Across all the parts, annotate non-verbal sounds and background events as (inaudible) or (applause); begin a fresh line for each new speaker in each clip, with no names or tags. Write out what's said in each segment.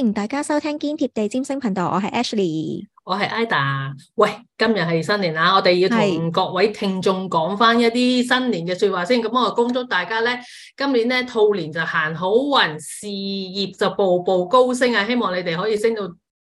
歡迎大家收聽堅貼地占星頻道，我係
Ashley，我係 Ida。喂，今日係新年啦，我哋要同各位聽眾講翻一啲新年嘅說話先。咁是我恭祝大家咧，今年咧兔年就行好運，事業就步步高升啊！希望你哋可以升到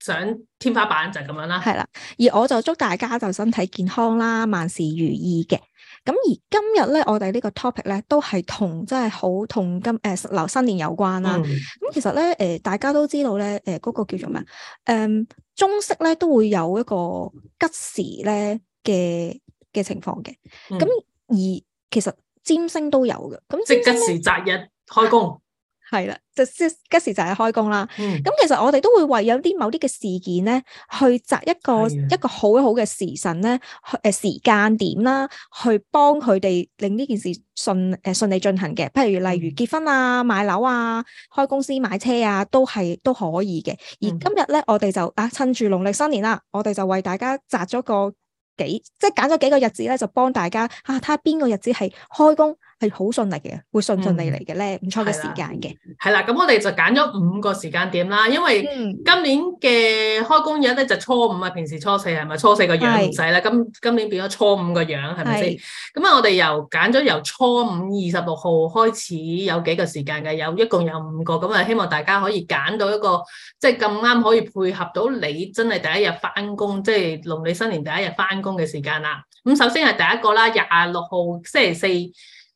上天花板就咁樣啦，係啦。
而我就祝大家就身體健康啦，萬事如意嘅。咁而今日咧，我哋呢個 topic 咧都係同真係好同今誒流、呃、新年有關啦、啊。咁、嗯、其實咧，誒、呃、大家都知道咧，誒、呃、嗰、那個叫做咩誒、呃、中式咧都會有一個吉時咧嘅嘅情況嘅。咁、嗯、而其實占星都有嘅。即吉時
擇日開工。
係啦，就即嗰時就係開工啦。咁、嗯、其實我哋都會為有啲某啲嘅事件咧，去擇一個的一個好好嘅時辰咧，誒、呃、時間點啦,去幫佢哋令呢件事順誒順利進行嘅。譬如例如結婚啊、買樓啊、開公司、買車啊，都係都可以嘅。而今日咧，我哋就、嗯、啊趁住農曆新年啦，我哋就為大家擇咗個。幾即係揀咗幾個日子咧，就幫大家啊睇下邊個日子係開工係好順利嘅，會順順利嚟嘅咧，唔、嗯、錯嘅時間
嘅。係啦，咁我哋就揀咗五個時間點啦。因為今年嘅開工日咧就是、初五啊，平時初四係咪？初四個樣唔使啦。是的 今今年變咗初五個樣，係咪先？咁啊是的，我哋由揀咗由初五二十六號開始有幾個時間嘅，有一共有五個。咁啊，希望大家可以揀到一個即係咁啱可以配合到你真係第一日返工，即係農曆新年第一日返工。嘅時間啦，咁首先係第一個啦，廿六號星期四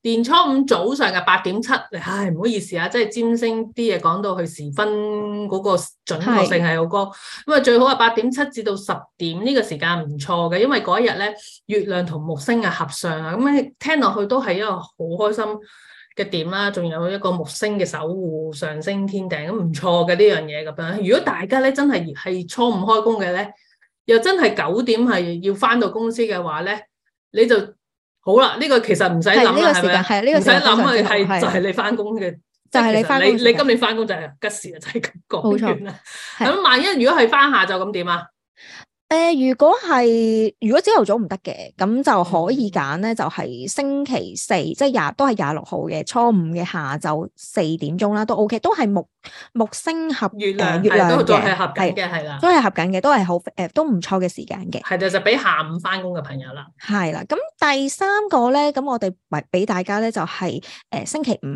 年初五早上嘅八點七，唉唔好意思啊，即係占星啲嘢講到佢時分嗰個準確性係好高，咁啊是最好啊八點七至到十點呢個時間唔錯嘅，因為嗰日咧月亮同木星嘅合相啊，咁聽落去都係一個好開心嘅點啦，仲有一個木星嘅守護上升天頂，咁唔錯嘅呢樣嘢咁樣。如果大家咧真係係初五開工嘅咧。又真係九點係要翻到公司嘅話咧，你就好啦。呢、這個其實唔使諗啦，係咪？係、這、呢個時間唔使諗，係就係你翻工嘅。就係、是、你翻工，你今年翻工就係吉時啊！就係咁講完啦。咁冇錯、 (laughs) 嗯、萬一如果係翻下晝咁點啊？
誒、呃，如果係如果朝頭早唔得嘅，咁就可以揀咧，就係星期四，即係廿都係廿六號嘅初五嘅下晝四點鐘啦，都 OK，都係木。木星合月亮，月亮都係合緊嘅，係啦，都係合緊嘅，都係好誒，都唔錯嘅時間嘅。係就就俾下
午翻工嘅朋友啦。
係啦，咁第三個咧，咁我哋咪俾大家咧，就係誒星期五，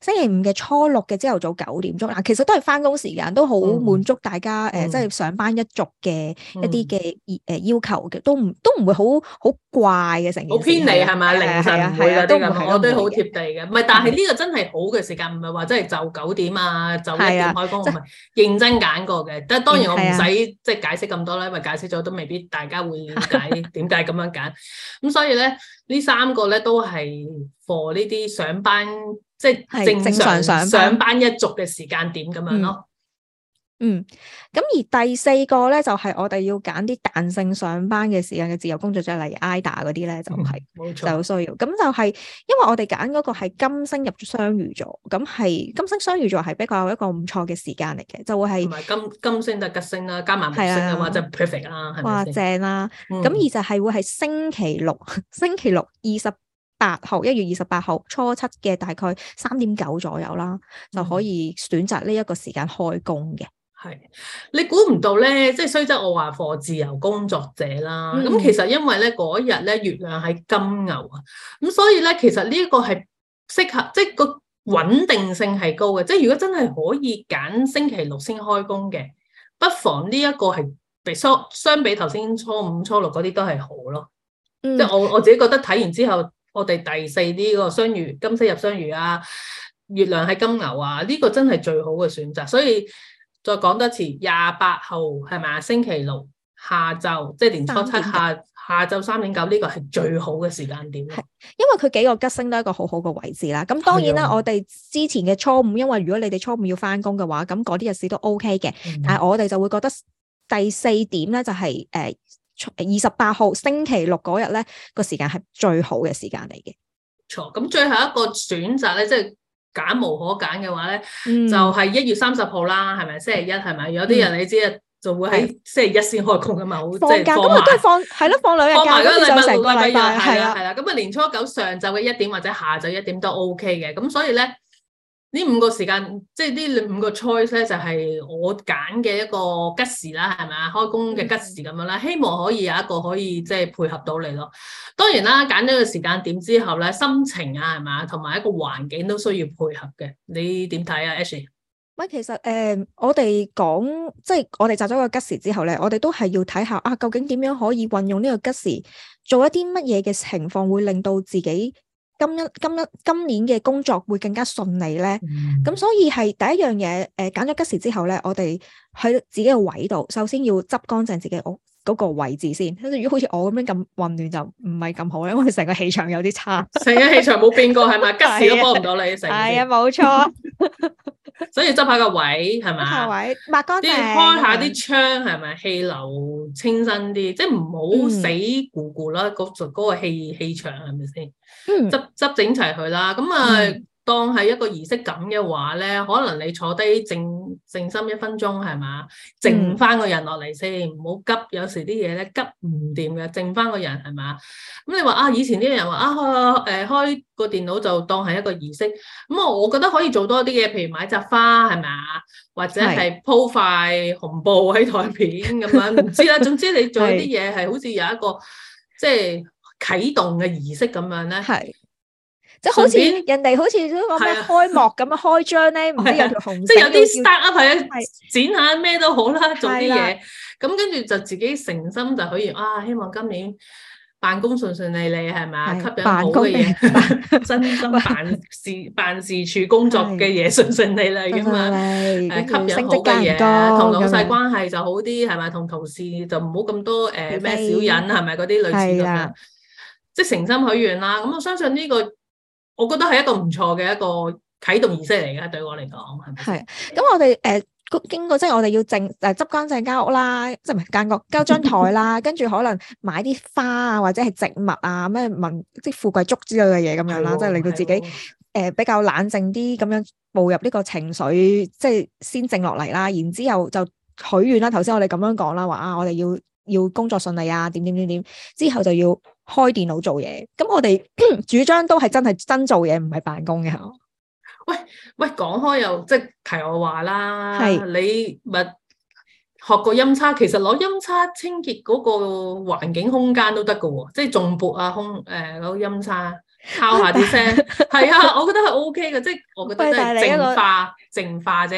星期五嘅初六嘅朝頭早九點鐘，嗱，其實都係翻工時間，都好滿足大家誒，即係上班一族嘅一啲嘅誒要求嘅，都唔都唔會好好怪嘅成件事。好偏離係咪？凌晨唔會都唔噶，我都好貼地
嘅。唔係，但係呢個真係好嘅時間，唔係話真係就九點啊。我啲點開工，我咪認真揀過嘅。但係當然我唔使即係解釋咁多啦，因為解釋咗都未必大家會解點解咁樣揀。咁 (laughs) 所以咧，呢三個咧都係 for 呢啲上班，即、就、係、是、正，正常上班，上班一族嘅時間點咁樣咯。嗯
嗯，咁而第四個咧就係、是、我哋要揀啲彈性上班嘅時間嘅自由工作者，例如 Ida 嗰啲咧就係、是嗯、就好需要。咁就係、是、因為我哋揀嗰個係金星入咗雙魚座，咁係金星雙魚座係比較一個唔錯嘅時間嚟嘅，就會、是、係
金金星就吉星啦、啊，加埋木星啊嘛，啊即係 perfect 啦，係咪哇，正
啦！咁而就係會係星期六，星期六二十八號一月二十八號初七嘅大概三點九左右啦，就可以選擇呢一個時間開工嘅。
係，你估唔到咧，即係雖則我話課自由工作者啦，咁、嗯、其實因為咧嗰日咧月亮喺金牛啊，咁所以咧其實呢一個係適合，即、就、係、是、個穩定性係高嘅，即、就、係、是、如果真係可以揀星期六先開工嘅，不妨呢一個係比相相比頭先初五初六嗰啲都係好咯。
即係、嗯、我
我自己覺得睇完之後，我哋第四啲個雙魚金星入雙魚啊，月亮喺金牛啊，呢、這個真係最好嘅選擇，所以。再講多次，廿八號係咪啊？星期六下晝，即係年初七 3. 9 下下晝三點九，呢個係最好嘅時間點。
因為佢幾個吉星都係一個好好嘅位置啦。咁當然啦，的我哋之前嘅初五，因為如果你哋初五要翻工嘅話，咁嗰啲日子都 OK 嘅。的但係我哋就會覺得第四點咧，就係誒二十八號星期六嗰日咧個時間係最好嘅時間嚟嘅。
冇錯，咁最後一個選擇咧，即係。揀無可揀嘅話咧，嗯、就係一月三十號啦，係咪星期一？係咪有啲人、嗯、你知啊，就會喺星期一先開工噶嘛，好，即係放埋嗰個放咁咪放係咯，放兩日假，埋嗰個禮拜六就成個禮拜係啦，係啦的。咁啊的，年初九上晝嘅一點或者下晝一點都 O K 嘅。咁所以咧。呢五個時間，即係呢五個 choice 咧，就係我揀嘅一個吉時啦，係嘛？開工嘅吉時咁樣啦，希望可以有一個可以即係配合到你咯。當然啦，揀咗個時間點之後咧，心情啊係嘛，同埋一個環境都需要配合嘅。你點睇啊？Ashley？
喂，其實誒、呃，我哋講即係我哋擇咗個吉時之後咧，我哋都係要睇下啊，究竟點樣可以運用呢個吉時做一啲乜嘢嘅情況，會令到自己今一今一今年嘅工作會更加順利咧，咁、嗯、所以係第一樣嘢，誒揀咗吉時之後咧，我哋喺自己嘅位度，首先要執乾淨自己屋嗰個位置先。如果好似我咁樣咁混亂，就唔係咁好咧，因為成個氣場有啲差。成個氣場冇
變過係咪？ (laughs) 吉時都幫唔到你，成係啊，冇個、哎、錯。 (laughs) 所以執下個位係咪？抹乾淨，開下啲窗係咪？氣流清新啲，即係唔好死咕咕啦，嗰嗰、嗯嗰個嗰個氣氣場係咪先？執執整齊佢啦，咁啊～、嗯嗯當係一個儀式咁嘅話咧，可能你坐低靜靜心一分鐘係嘛，靜翻個人落嚟先，唔好急。有時啲嘢咧急唔掂嘅，靜翻個人係嘛。咁你話啊，以前啲人話啊，誒開個電腦就當係一個儀式。咁我我覺得可以做多啲嘢，譬如買扎花係嘛，或者係鋪塊紅布喺台邊咁樣。唔知啦，總之你做一啲嘢係好似有一個即係啟動嘅儀式咁樣咧。係。即係好似人哋好似嗰個咩開幕咁啊開張咧，
唔知有條紅即係有啲 star 啊，或
者剪下咩都好啦，做啲嘢。咁跟住就自己誠心就許願。啊，希望今年辦公順順利利係嘛，吸引好嘅嘢，真心辦事辦事處工作嘅嘢順順利利咁啊，吸引好嘅嘢，同老細關係就好啲係咪？同同事就唔好咁多誒咩小人係咪嗰啲類似咁樣，即係誠心許願啦。咁我相信呢個。我覺
得係一個唔錯嘅一個啟動儀式嚟嘅，對我嚟講係咪？係，咁我哋誒、呃、經過即係我哋要淨誒執乾淨間屋啦，即係間屋交張台啦，跟住 (laughs) 可能買啲花啊或者係植物啊咩文即係富貴竹之類嘅嘢咁樣啦，哦、即係令到自己誒、哦呃、比較冷靜啲咁樣步入呢個情緒，即係先靜落嚟啦。然之後就許願啦。頭先我哋咁樣講啦，話啊我哋要。要工作順利啊，點點點點之後就要開電腦做嘢。咁我哋 (coughs) 主張都係真係真做嘢，唔係辦公嘅吓。
喂喂，講開又即係題外話啦，是你咪學個音叉，其實攞音叉清潔嗰個環境空間都得噶，即係重撥啊空誒，攞、呃、音叉。敲下啲聲，係啊，我覺得係 O K 嘅。即係我覺得真係淨化淨化啫。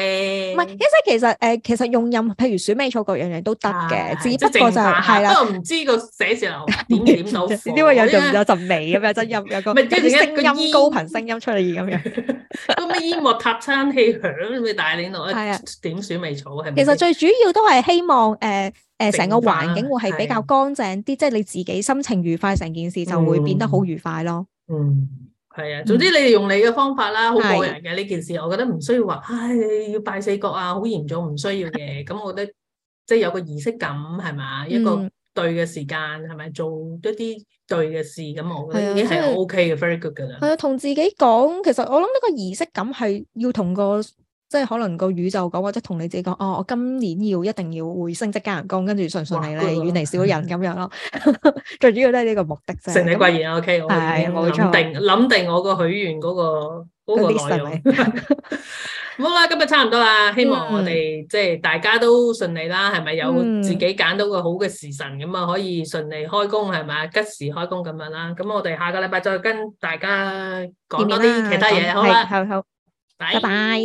唔
係，即其實誒，其實用音，譬如鼠尾草，各樣都得嘅，只不過就係係啦，唔
知個寫字樓點點到，因為有陣
有陣味咁樣，真音有個，跟住係聲音高頻聲音出嚟咁樣，
咁咩煙霧探測器響，咁咪帶你落。係啊，點鼠尾草係？其實最主
要都係希望誒誒，成個環境會係比較乾淨啲，即係你自己心情愉快，成件事就會變得好愉快
咯。嗯，係啊，總之你哋用你嘅方法啦，好個、嗯、人嘅呢件事，的我覺得唔需要話，唉，要拜四角啊，好嚴重，唔需要嘅。咁 (laughs) 我覺得即係有個儀式感，係咪，嗯、一個對嘅時間，係咪做一啲對嘅事？咁的我覺得已經係 O K 嘅，very good 嘅啦。係啊，
同自己講，其實我諗呢個儀式感係要同個。即係可能個宇宙講或者同你自己講哦，我今年要一定要會升職加人工，跟住順順利利，遠離小人咁樣咯。最主要都係呢個目的啫。承你貴言
啊，OK，我諗定諗定我個許願嗰個嗰個內容。好啦，今日差唔多啦，希望我哋即係大家都順利啦，係咪有自己揀到個好嘅時辰咁啊？可以順利開工係咪？吉時開工咁樣啦。咁我哋下個禮拜再跟大家講多啲其他嘢，
好啦，好，拜拜。